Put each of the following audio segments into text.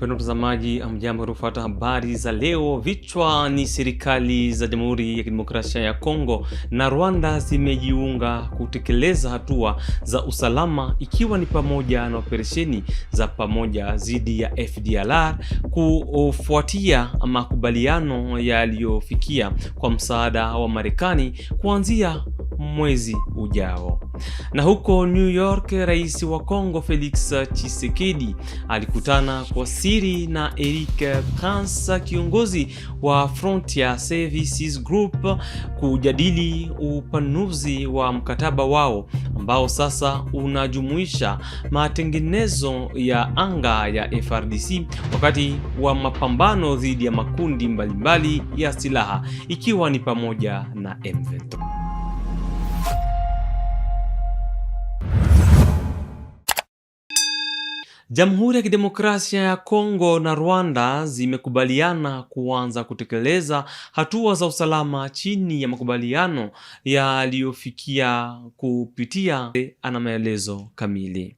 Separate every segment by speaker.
Speaker 1: mpendo mtazamaji, amjambo kufuata habari za leo. Vichwa ni serikali za Jamhuri ya Kidemokrasia ya Kongo na Rwanda zimejiunga kutekeleza hatua za usalama, ikiwa ni pamoja na operesheni za pamoja dhidi ya FDLR kufuatia makubaliano yaliyofikia kwa msaada wa Marekani kuanzia mwezi ujao. Na huko New York, rais wa Kongo Felix Tshisekedi alikutana kwa siri na Eric Prince, kiongozi wa Frontier Services Group kujadili upanuzi wa mkataba wao ambao sasa unajumuisha matengenezo ya anga ya frdc wakati wa mapambano dhidi ya makundi mbalimbali mbali ya silaha ikiwa ni pamoja na M23. Jamhuri ya Kidemokrasia ya Kongo na Rwanda zimekubaliana kuanza kutekeleza hatua za usalama chini ya makubaliano yaliyofikia kupitia. Ana maelezo kamili.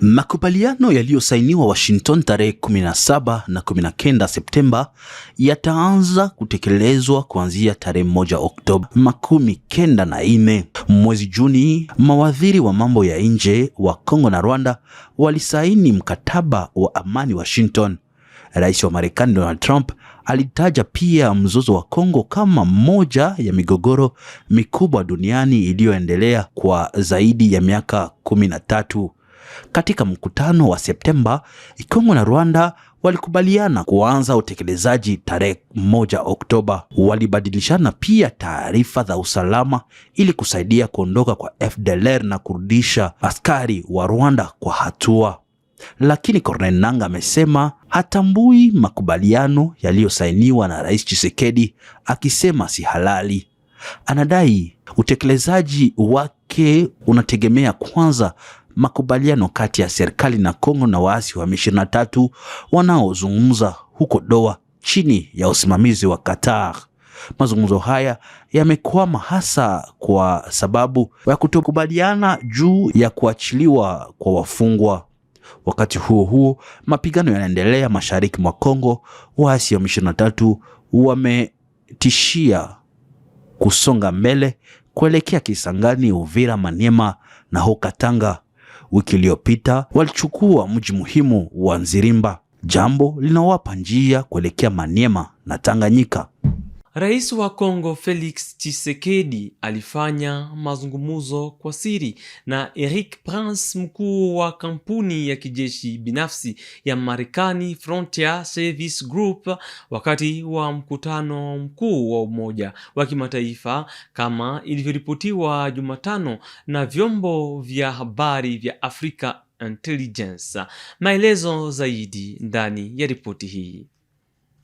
Speaker 2: Makubaliano yaliyosainiwa Washington tarehe 17 na 19 Septemba yataanza kutekelezwa kuanzia tarehe moja Oktoba makumi kenda na ine. Mwezi Juni, mawaziri wa mambo ya nje wa Kongo na Rwanda walisaini mkataba wa amani Washington. Rais wa Marekani Donald Trump alitaja pia mzozo wa Kongo kama moja ya migogoro mikubwa duniani iliyoendelea kwa zaidi ya miaka kumi na tatu. Katika mkutano wa Septemba, Kongo na Rwanda walikubaliana kuanza utekelezaji tarehe moja Oktoba. Walibadilishana pia taarifa za usalama ili kusaidia kuondoka kwa FDLR na kurudisha askari wa Rwanda kwa hatua. Lakini Corneille Nangaa amesema hatambui makubaliano yaliyosainiwa na Rais Tshisekedi, akisema si halali. Anadai utekelezaji wake unategemea kwanza makubaliano kati ya serikali na Kongo na waasi wa M23 wanaozungumza huko Doha chini ya usimamizi wa Qatar. Mazungumzo haya yamekwama hasa kwa sababu ya kutokubaliana juu ya kuachiliwa kwa wafungwa. Wakati huo huo, mapigano yanaendelea mashariki mwa Kongo. Waasi wa M23 wametishia kusonga mbele kuelekea Kisangani, Uvira, Maniema na huko Katanga wiki iliyopita walichukua mji muhimu wa Nzirimba, jambo linawapa njia kuelekea Maniema na Tanganyika.
Speaker 1: Rais wa congo Felix chisekedi alifanya mazungumzo kwa siri na Eric Prince, mkuu wa kampuni ya kijeshi binafsi ya Marekani Frontier Service Group, wakati wa mkutano mkuu wa Umoja wa Kimataifa, kama ilivyoripotiwa Jumatano na vyombo vya habari vya Africa Intelligence. Maelezo zaidi ndani ya ripoti hii.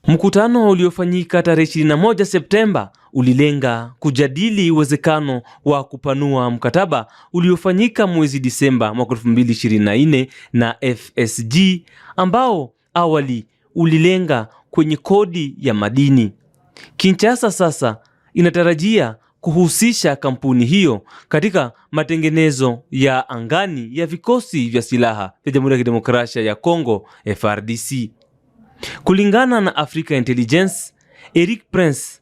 Speaker 1: Mkutano uliofanyika tarehe 21 Septemba ulilenga kujadili uwezekano wa kupanua mkataba uliofanyika mwezi Disemba mwaka 2024 na FSG ambao awali ulilenga kwenye kodi ya madini. Kinshasa sasa inatarajia kuhusisha kampuni hiyo katika matengenezo ya angani ya vikosi vya silaha vya Jamhuri ya Kidemokrasia ya Kongo frdc Kulingana na Africa Intelligence, Eric Prince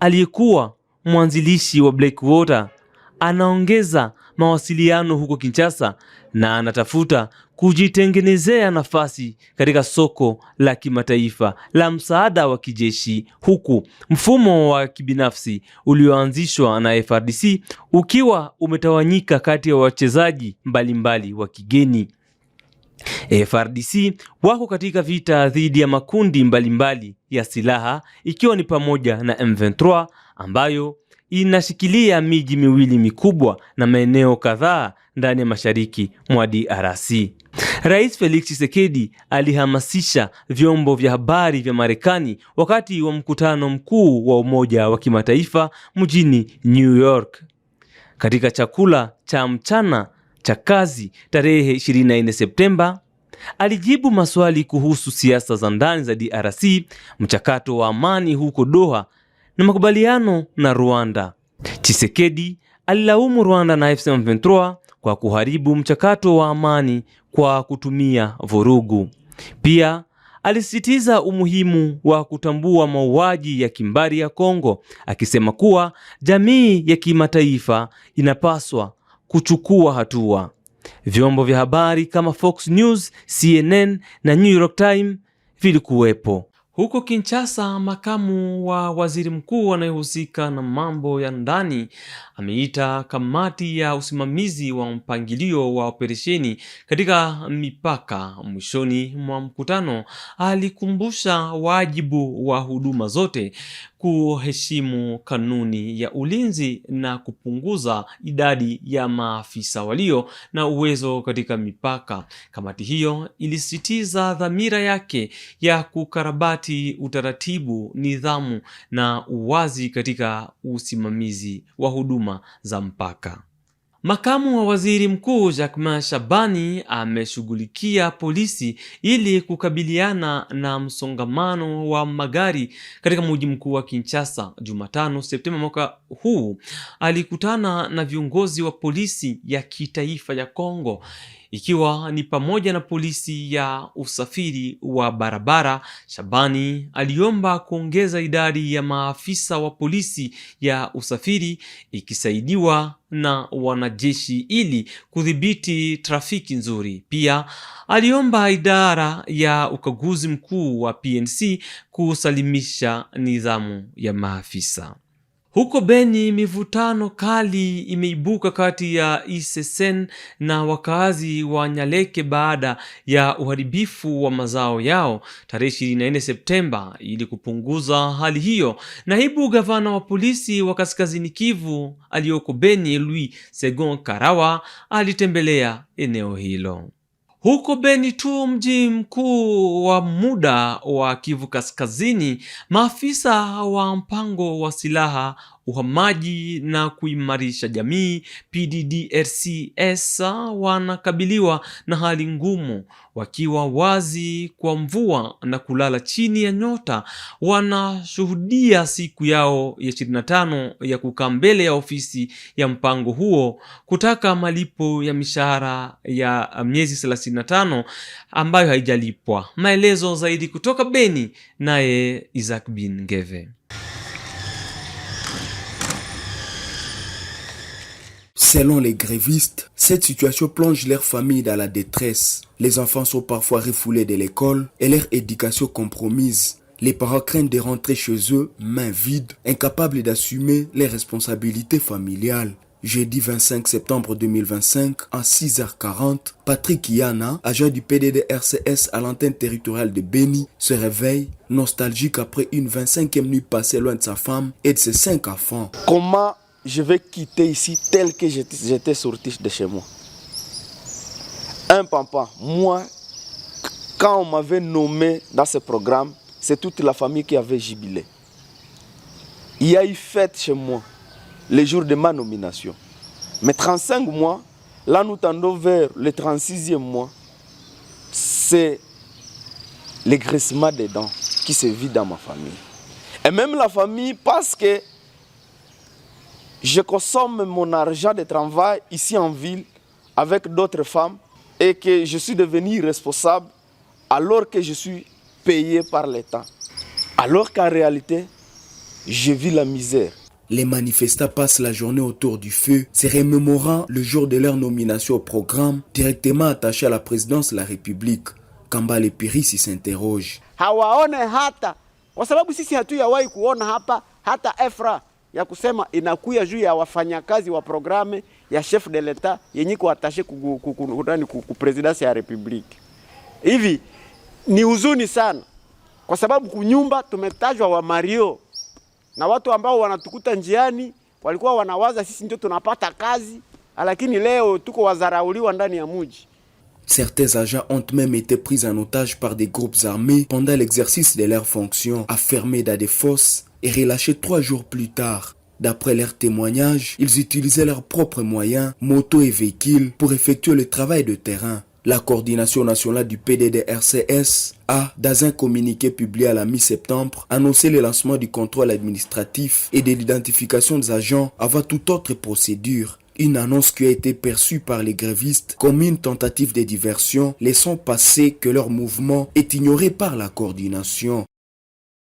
Speaker 1: aliyekuwa mwanzilishi wa Blackwater anaongeza mawasiliano huko Kinshasa na anatafuta kujitengenezea nafasi katika soko la kimataifa la msaada wa kijeshi, huku mfumo wa kibinafsi ulioanzishwa na frdc ukiwa umetawanyika kati ya wachezaji mbalimbali wa kigeni. E, FRDC wako katika vita dhidi ya makundi mbalimbali mbali ya silaha ikiwa ni pamoja na M23 ambayo inashikilia miji miwili mikubwa na maeneo kadhaa ndani ya mashariki mwa DRC. Rais Felix Tshisekedi alihamasisha vyombo vya habari vya Marekani wakati wa mkutano mkuu wa Umoja wa Kimataifa mjini New York. Katika chakula cha mchana cha kazi tarehe 24 Septemba alijibu maswali kuhusu siasa za ndani za DRC, mchakato wa amani huko Doha na makubaliano na Rwanda. Chisekedi alilaumu Rwanda na AFC 23 kwa kuharibu mchakato wa amani kwa kutumia vurugu. Pia alisisitiza umuhimu wa kutambua mauaji ya kimbari ya Kongo, akisema kuwa jamii ya kimataifa inapaswa kuchukua hatua. Vyombo vya habari kama Fox News, CNN na New York Times vilikuwepo. Huko Kinshasa, makamu wa waziri mkuu anayehusika na mambo ya ndani ameita kamati ya usimamizi wa mpangilio wa operesheni katika mipaka. Mwishoni mwa mkutano, alikumbusha wajibu wa huduma zote kuheshimu kanuni ya ulinzi na kupunguza idadi ya maafisa walio na uwezo katika mipaka. Kamati hiyo ilisisitiza dhamira yake ya kukarabati utaratibu, nidhamu na uwazi katika usimamizi wa huduma za mpaka. Makamu wa Waziri Mkuu Jackman Shabani ameshughulikia polisi ili kukabiliana na msongamano wa magari katika mji mkuu wa Kinshasa. Jumatano, Septemba mwaka huu, alikutana na viongozi wa polisi ya kitaifa ya Kongo ikiwa ni pamoja na polisi ya usafiri wa barabara. Shabani aliomba kuongeza idadi ya maafisa wa polisi ya usafiri ikisaidiwa na wanajeshi ili kudhibiti trafiki nzuri. Pia aliomba idara ya ukaguzi mkuu wa PNC kusalimisha nidhamu ya maafisa. Huko Beni mivutano kali imeibuka kati ya Isesen na wakazi wa Nyaleke baada ya uharibifu wa mazao yao tarehe 24 Septemba. Ili kupunguza hali hiyo, naibu gavana wa polisi wa Kaskazini Kivu aliyoko Beni, Louis Segon Karawa, alitembelea eneo hilo. Huko Beni tu, mji mkuu wa muda wa Kivu Kaskazini, maafisa wa mpango wa silaha uhamaji na kuimarisha jamii, PDDRCS wanakabiliwa na hali ngumu wakiwa wazi kwa mvua na kulala chini ya nyota. Wanashuhudia siku yao ya 25 ya kukaa mbele ya ofisi ya mpango huo kutaka malipo ya mishahara ya miezi 35 ambayo haijalipwa. Maelezo zaidi kutoka Beni, naye Isaac Bin Ngeve.
Speaker 3: Selon les grévistes, cette situation plonge leurs familles dans la détresse. Les enfants sont parfois refoulés de l'école et leur éducation compromise. Les parents craignent de rentrer chez eux mains vides, incapables d'assumer les responsabilités familiales. Jeudi 25 septembre 2025, à 6h40, Patrick Yana, agent du PDD RCS à l'antenne territoriale de Beni, se réveille nostalgique après une 25e nuit passée loin de sa femme et de ses cinq enfants.
Speaker 4: Comment je vais quitter ici tel que j'étais sorti de chez moi. Un papa, moi, quand on m'avait nommé dans ce programme, c'est toute la famille qui avait jubilé. Il y a eu fête chez moi, le jour de ma nomination. Mais 35 mois, là nous tendons vers le 36e mois, c'est l'aigrissement des dents qui se vit dans ma famille. Et même la famille, parce que je consomme mon argent de travail ici en ville avec d'autres femmes et que je suis devenu responsable alors que je suis payé par l'État. Alors qu'en réalité, je vis la misère.
Speaker 5: Les manifestants passent la journée autour du feu, se remémorant le jour de leur nomination au programme directement attaché à la présidence de la République. Kambale Piris s'interroge.
Speaker 6: Hawaone hata hata efra ya kusema inakuya juu ya wafanyakazi wa programe ya chef de l'etat yenye kuatashe ku presidency ya republique. Hivi ni huzuni sana, kwa sababu kunyumba tumetajwa wa Mario na watu ambao wanatukuta njiani walikuwa wanawaza sisi ndio tunapata kazi, lakini leo tuko wazarauliwa ndani ya muji.
Speaker 7: Certains agents ont même été pris en otage par des groupes armés pendant l'exercice de leurs fonctions, affermés dans des fosses et relâchés trois jours plus tard. D'après leurs témoignages, ils utilisaient leurs propres moyens, motos et véhicules, pour effectuer le travail de terrain. La coordination nationale du PDD-RCS a, dans un communiqué publié à la mi-septembre, annoncé le lancement du contrôle administratif et de l'identification des agents avant toute autre procédure. Une annonce qui a été perçue par les grévistes comme une tentative de diversion, laissant passer que leur mouvement est ignoré par la coordination.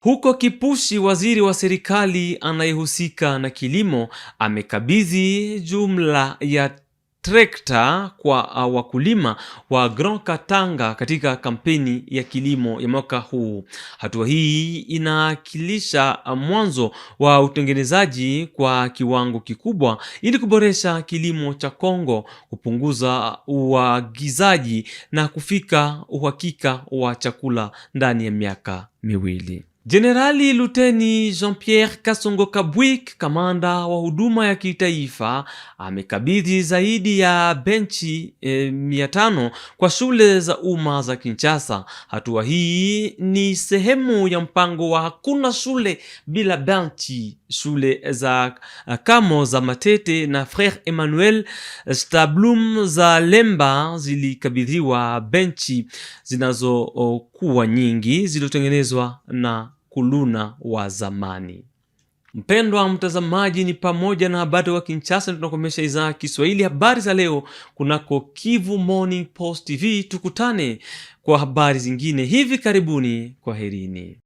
Speaker 1: Huko Kipushi, waziri wa serikali anayehusika na kilimo amekabidhi jumla ya trekta kwa uh, wakulima wa Grand Katanga katika kampeni ya kilimo ya mwaka huu. Hatua hii inawakilisha mwanzo wa utengenezaji kwa kiwango kikubwa ili kuboresha kilimo cha Kongo, kupunguza uagizaji na kufika uhakika wa chakula ndani ya miaka miwili. Jenerali Luteni Jean-Pierre Kasongo Kabwik, kamanda wa huduma ya kitaifa, amekabidhi zaidi ya benchi e, mia tano kwa shule za umma za Kinshasa. Hatua hii ni sehemu ya mpango wa hakuna shule bila benchi. Shule za eh, Kamo za Matete na Frere Emmanuel Stablum za Lemba zilikabidhiwa benchi zinazo oh, kuwa nyingi zilizotengenezwa na kuluna wa zamani. Mpendwa mtazamaji, ni pamoja na habari wa Kinshasa, tunakomesha idhaa ya Kiswahili habari za leo kunako Kivu Morning Post TV. Tukutane kwa habari zingine hivi karibuni. Kwaherini.